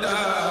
daa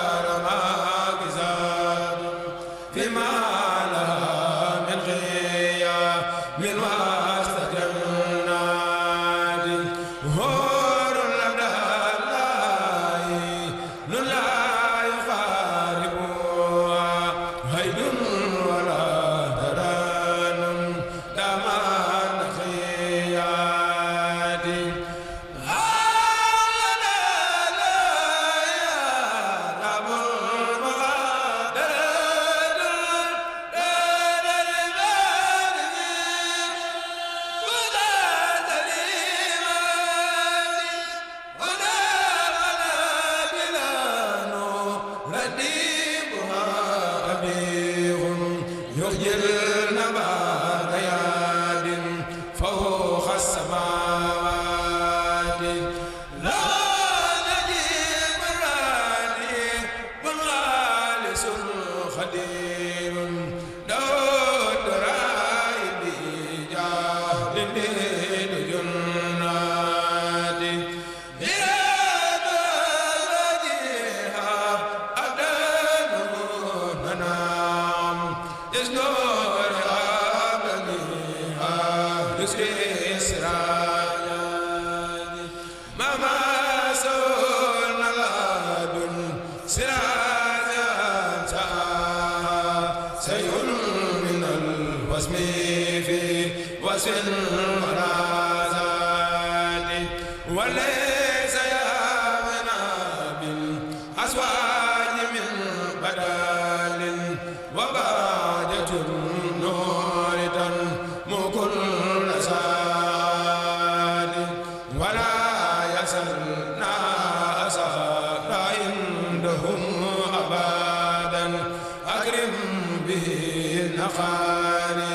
di به نقاني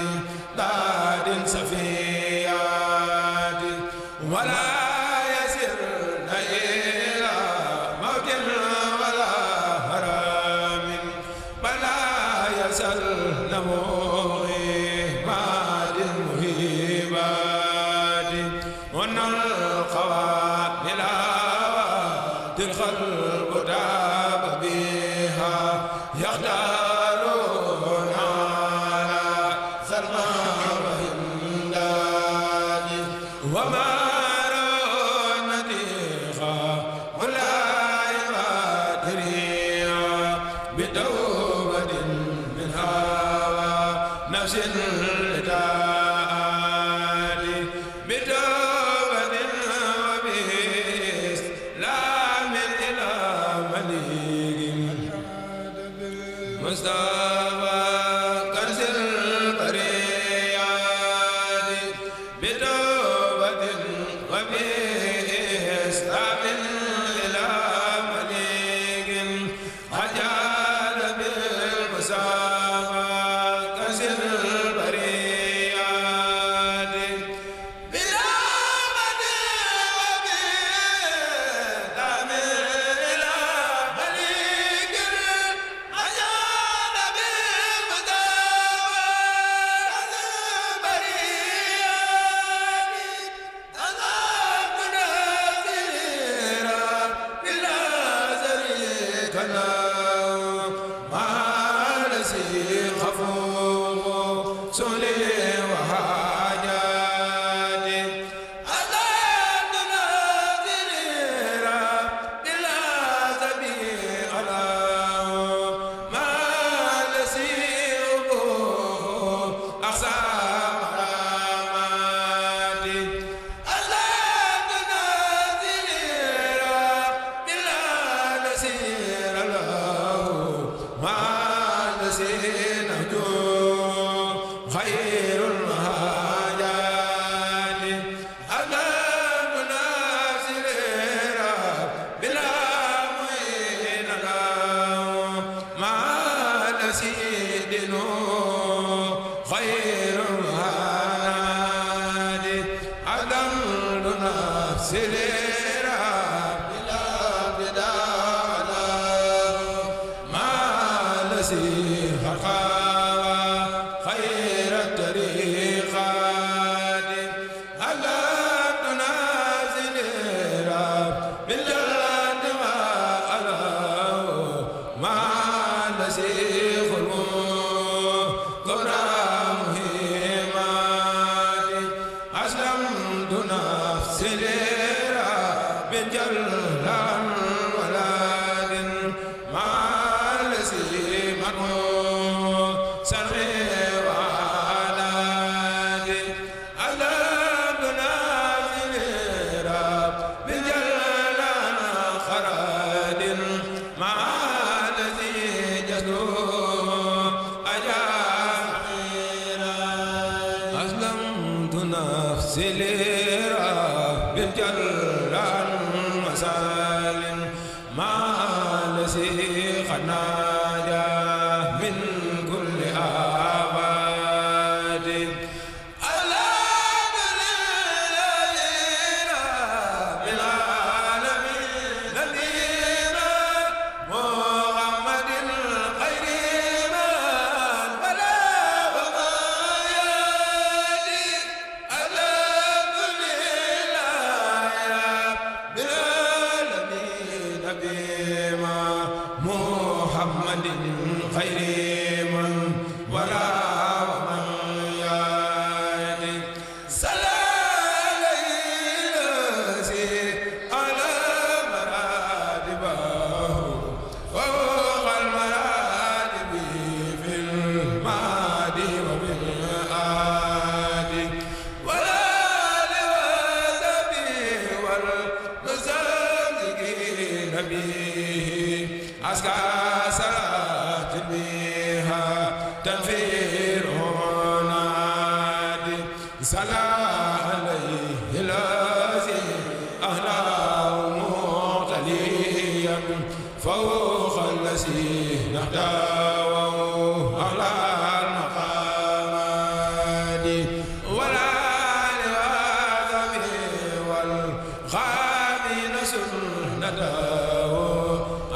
mustafa jal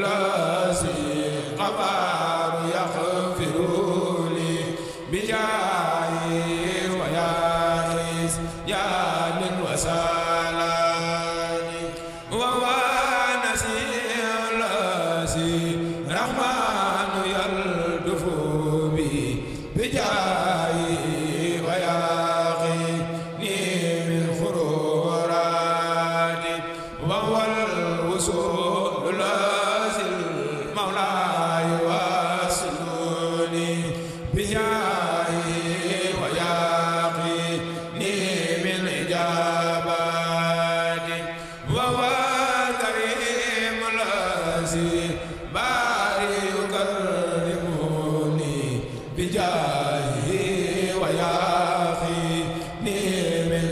la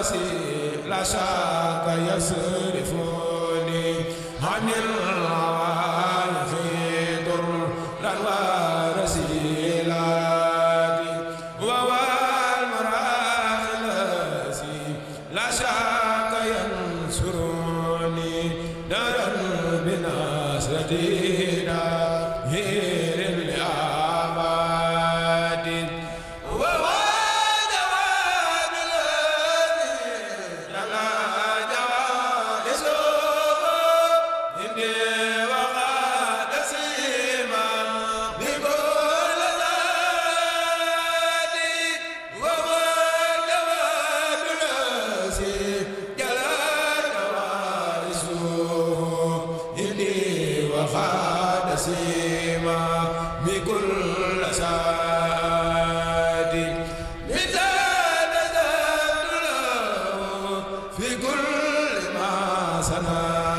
la fi kulli ma sana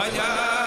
waja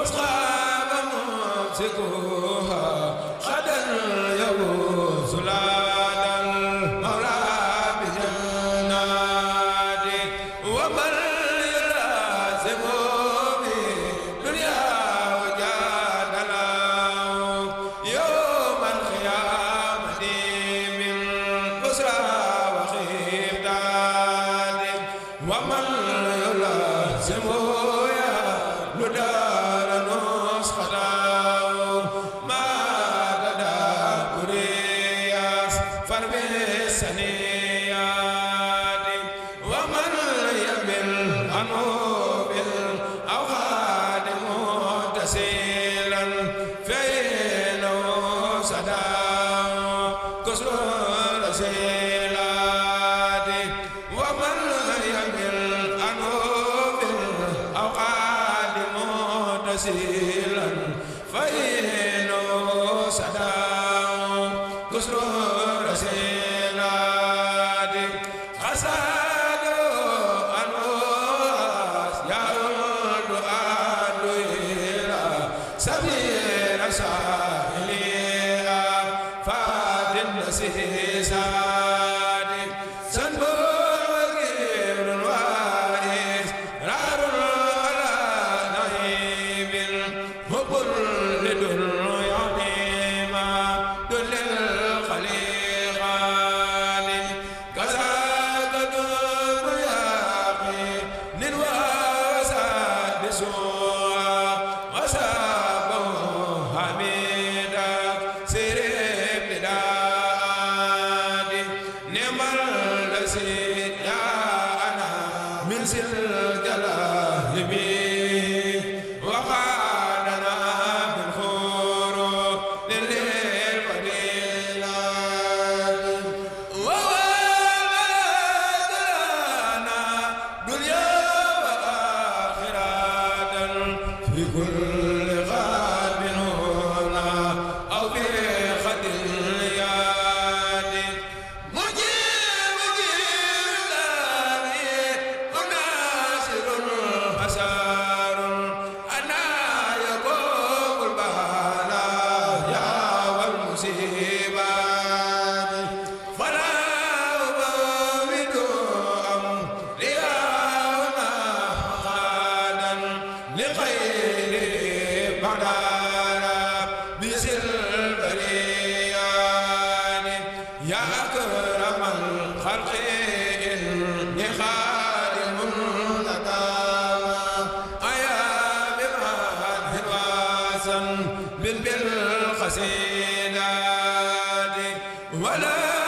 مسخا xayran fa innahu sada القصيدات ولا